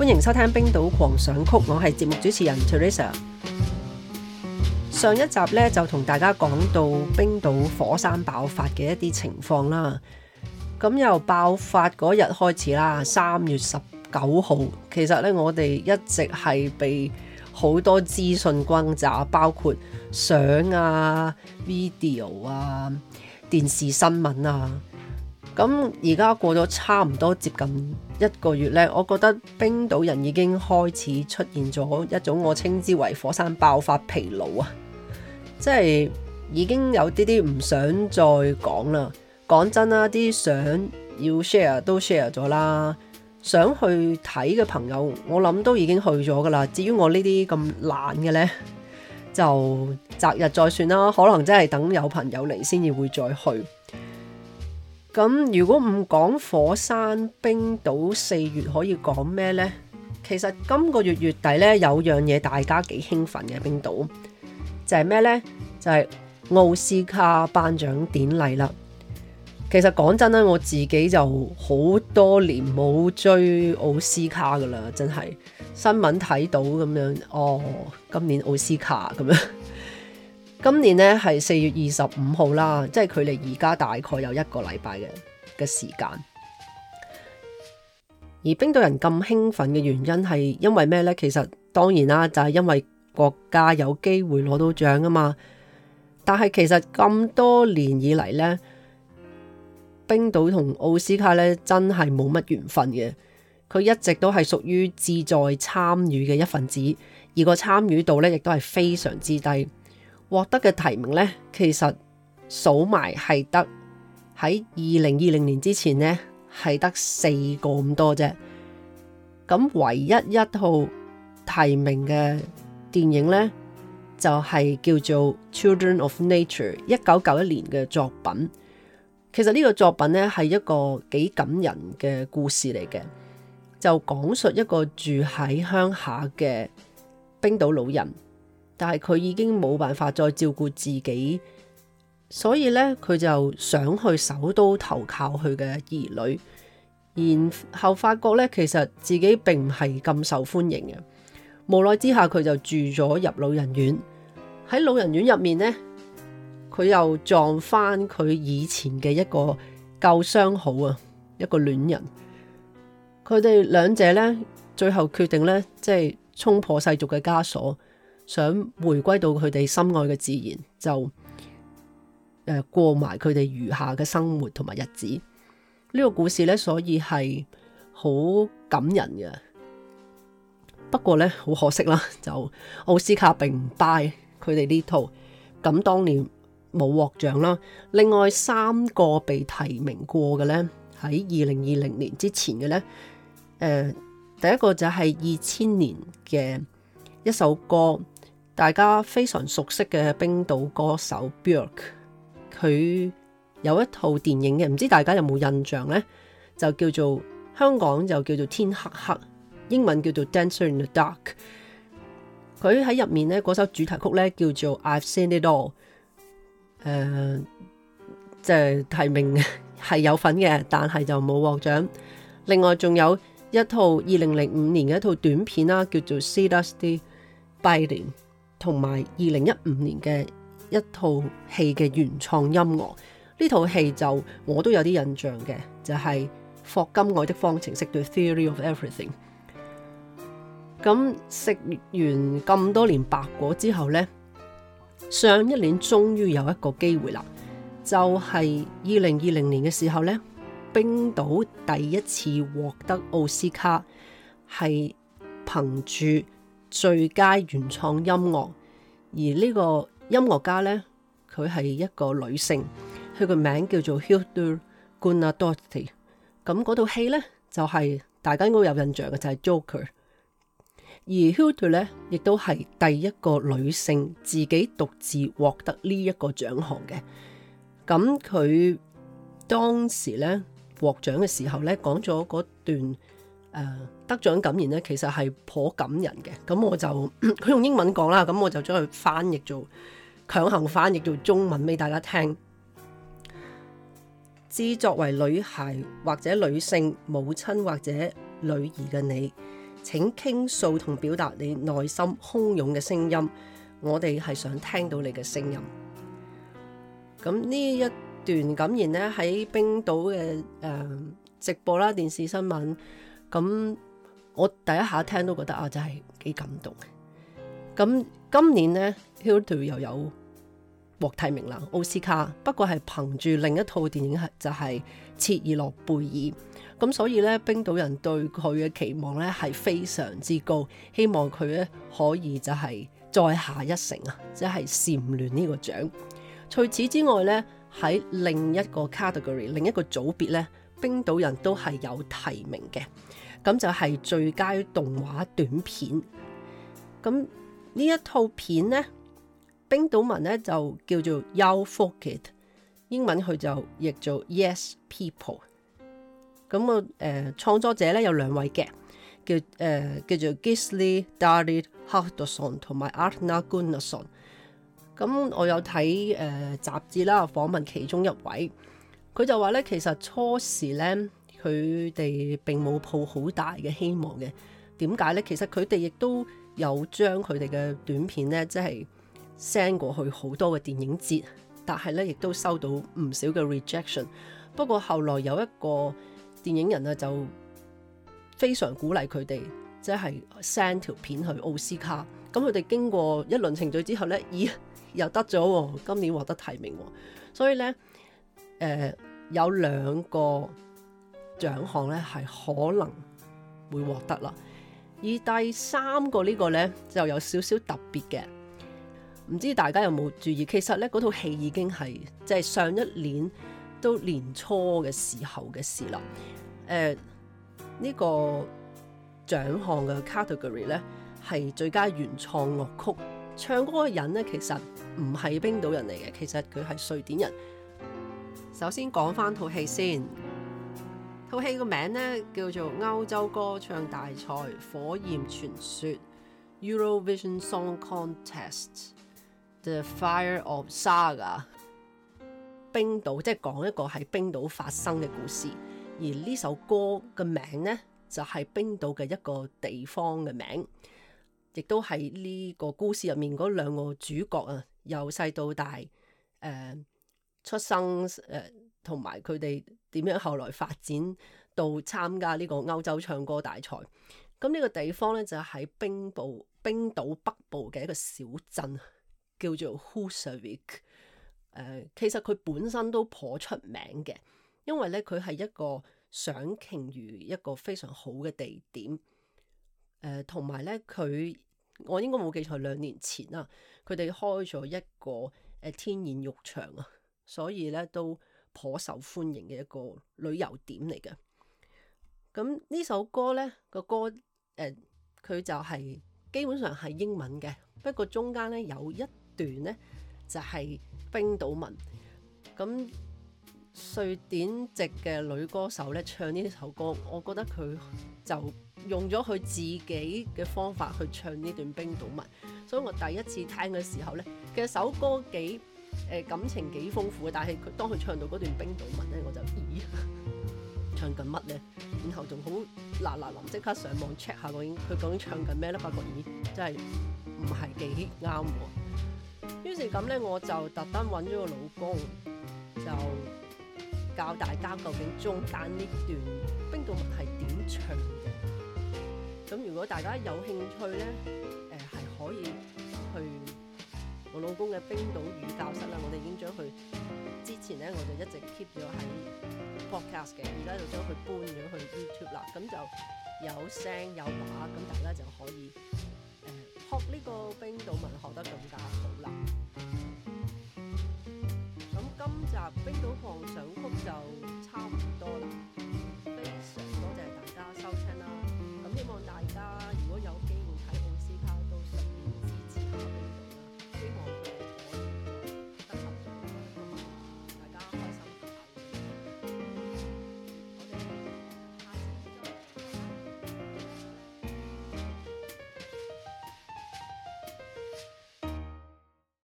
歡迎收聽《冰島狂想曲》，我係節目主持人 Teresa。上一集咧就同大家講到冰島火山爆發嘅一啲情況啦。咁、嗯、由爆發嗰日開始啦，三月十九號，其實咧我哋一直係被好多資訊轟炸，包括相啊、video 啊、電視新聞啊。咁而家過咗差唔多接近一個月呢，我覺得冰島人已經開始出現咗一種我稱之為火山爆發疲勞啊，即係已經有啲啲唔想再講啦。講真啦，啲想要 share 都 share 咗啦，想去睇嘅朋友，我諗都已經去咗噶啦。至於我呢啲咁懶嘅呢，就擇日再算啦。可能真係等有朋友嚟，先至會再去。咁如果唔講火山，冰島四月可以講咩呢？其實今個月月底咧，有樣嘢大家幾興奮嘅冰島，就係咩呢？就係奧斯卡頒獎典禮啦。其實講真咧，我自己就好多年冇追奧斯卡噶啦，真係新聞睇到咁樣。哦，今年奧斯卡咁樣。今年呢，係四月二十五號啦，即係距離而家大概有一個禮拜嘅嘅時間。而冰島人咁興奮嘅原因係因為咩呢？其實當然啦，就係因為國家有機會攞到獎啊嘛。但係其實咁多年以嚟呢，冰島同奧斯卡咧真係冇乜緣分嘅。佢一直都係屬於志在參與嘅一份子，而個參與度咧亦都係非常之低。獲得嘅提名呢，其實數埋係得喺二零二零年之前呢，係得四個咁多啫。咁唯一一號提名嘅電影呢，就係叫做《Children of Nature》，一九九一年嘅作品。其實呢個作品呢，係一個幾感人嘅故事嚟嘅，就講述一個住喺鄉下嘅冰島老人，但係佢已經冇辦法再照顧自己，所以咧佢就想去首都投靠佢嘅兒女，然後發覺咧其實自己並唔係咁受歡迎嘅，無奈之下佢就住咗入老人院。喺老人院入面咧，佢又撞返佢以前嘅一個舊相好啊，一個戀人。佢哋兩者咧最後決定咧，即係衝破世俗嘅枷鎖。想回歸到佢哋心愛嘅自然，就誒過埋佢哋餘下嘅生活同埋日子。呢、這個故事呢，所以係好感人嘅。不過呢，好可惜啦，就奧斯卡並唔 buy 佢哋呢套，咁當年冇獲獎啦。另外三個被提名過嘅呢，喺二零二零年之前嘅呢，誒、呃，第一個就係二千年嘅一首歌。大家非常熟悉嘅冰島歌手 Björk 佢有一套電影嘅，唔知大家有冇印象呢？就叫做香港就叫做《天黑黑》，英文叫做《Dancer in the Dark》。佢喺入面呢嗰首主題曲呢叫做《I've Seen It All》, uh,，誒即係提名係有份嘅，但係就冇獲獎。另外仲有一套二零零五年嘅一套短片啦，叫做《Síðasti bærinn》同埋二零一五年嘅一套戲嘅原創音樂，呢套戲就我都有啲印象嘅，就係、是、霍金《愛的方程式》對 The Theory of Everything。咁食完咁多年白果之後呢，上一年終於有一個機會啦，就係二零二零年嘅時候呢，冰島第一次獲得奧斯卡係憑住。最佳原創音樂，而呢個音樂家呢，佢係一個女性，佢個名叫做 Hildur Guðnadóttir。咁嗰套戲呢，就係、是、大家應該有印象嘅，就係、是、Joker。而 Hildur 咧亦都係第一個女性自己獨自獲得呢一個獎項嘅。咁佢當時呢，獲獎嘅時候呢，講咗嗰段。誒得獎感言咧，其實係頗感人嘅。咁我就佢用英文講啦，咁我就將佢翻譯做強行翻譯做中文俾大家聽。知作為女孩或者女性、母親或者女兒嘅你，請傾訴同表達你內心洶湧嘅聲音。我哋係想聽到你嘅聲音。咁呢一段感言呢，喺冰島嘅誒直播啦，電視新聞。咁我第一下聽都覺得啊，真係幾感動。咁今年呢 Hildur 又有獲提名啦，奧斯卡。不過係憑住另一套電影係，就係《切爾諾貝爾》。咁所以咧，冰島人對佢嘅期望咧係非常之高，希望佢咧可以就係再下一城啊，即係蟬聯呢個獎。除此之外咧，喺另一個 category，另一個組別咧。冰島人都係有提名嘅，咁就係最佳動畫短片。咁呢一套片呢，冰島文呢就叫做 You Forget，英文佢就譯做 Yes People。咁我誒、呃、創作者呢有兩位嘅，叫誒、呃、叫做 Gisli Darrid Haldsson 同埋 Arnar Gunnason。咁我有睇誒、呃、雜誌啦，訪問其中一位。佢就話咧，其實初時咧，佢哋並冇抱好大嘅希望嘅。點解咧？其實佢哋亦都有將佢哋嘅短片咧，即係 send 過去好多嘅電影節，但係咧亦都收到唔少嘅 rejection。不過後來有一個電影人啊，就非常鼓勵佢哋，即係 send 條片去奧斯卡。咁佢哋經過一輪程序之後咧，咦，又得咗喎！今年獲得提名喎，所以咧。.誒、呃、有兩個獎項咧，係可能會獲得啦。而第三個，個呢個咧，就有少少特別嘅，唔知大家有冇注意？其實咧，嗰套戲已經係即係上一年都年初嘅時候嘅事啦。誒、呃、呢、這個獎項嘅 category 咧，係最佳原創樂曲，唱歌嘅人咧，其實唔係冰島人嚟嘅，其實佢係瑞典人。首先講翻套戲先，套戲個名呢，叫做《歐洲歌唱大賽：火焰傳說》（Eurovision Song Contest：The Fire of Saga）。冰島即係講一個喺冰島發生嘅故事，而呢首歌嘅名呢，就係冰島嘅一個地方嘅名，亦都係呢個故事入面嗰兩個主角啊，由細到大誒、呃出生誒，同埋佢哋點樣後來發展到參加呢個歐洲唱歌大賽。咁、嗯、呢、這個地方咧就喺、是、冰部冰島北部嘅一個小鎮，叫做 Húsavík、呃。其實佢本身都頗出名嘅，因為咧佢係一個賞鯨魚一個非常好嘅地點。誒、呃，同埋咧佢，我應該冇記錯，兩年前啊，佢哋開咗一個誒、呃、天然浴場啊。所以咧都頗受歡迎嘅一個旅遊點嚟嘅。咁呢首歌呢個歌誒，佢、呃、就係、是、基本上係英文嘅，不過中間呢有一段呢就係、是、冰島文。咁瑞典籍嘅女歌手呢唱呢首歌，我覺得佢就用咗佢自己嘅方法去唱呢段冰島文，所以我第一次聽嘅時候呢，其實首歌幾～誒，感情幾豐富嘅，但係佢當佢唱到嗰段冰島文咧，我就咦唱緊乜咧？然後仲好嗱嗱臨，即刻上網 check 下究竟佢究竟唱緊咩咧？發覺咦真係唔係幾啱喎。於是咁咧，我就特登揾咗個老公，就教大家究竟中間呢段冰島文係點唱嘅。咁如果大家有興趣咧，誒、呃、係可以。老公嘅冰島語教室啦，我哋已經將佢之前咧，我就一直 keep 咗喺 podcast 嘅，而家就將佢搬咗去 YouTube 啦，咁就有聲有畫，咁大家就可以誒學呢個冰島文學得更加好啦。咁今集冰島狂想曲就差唔多啦，非常多謝大家收聽啦。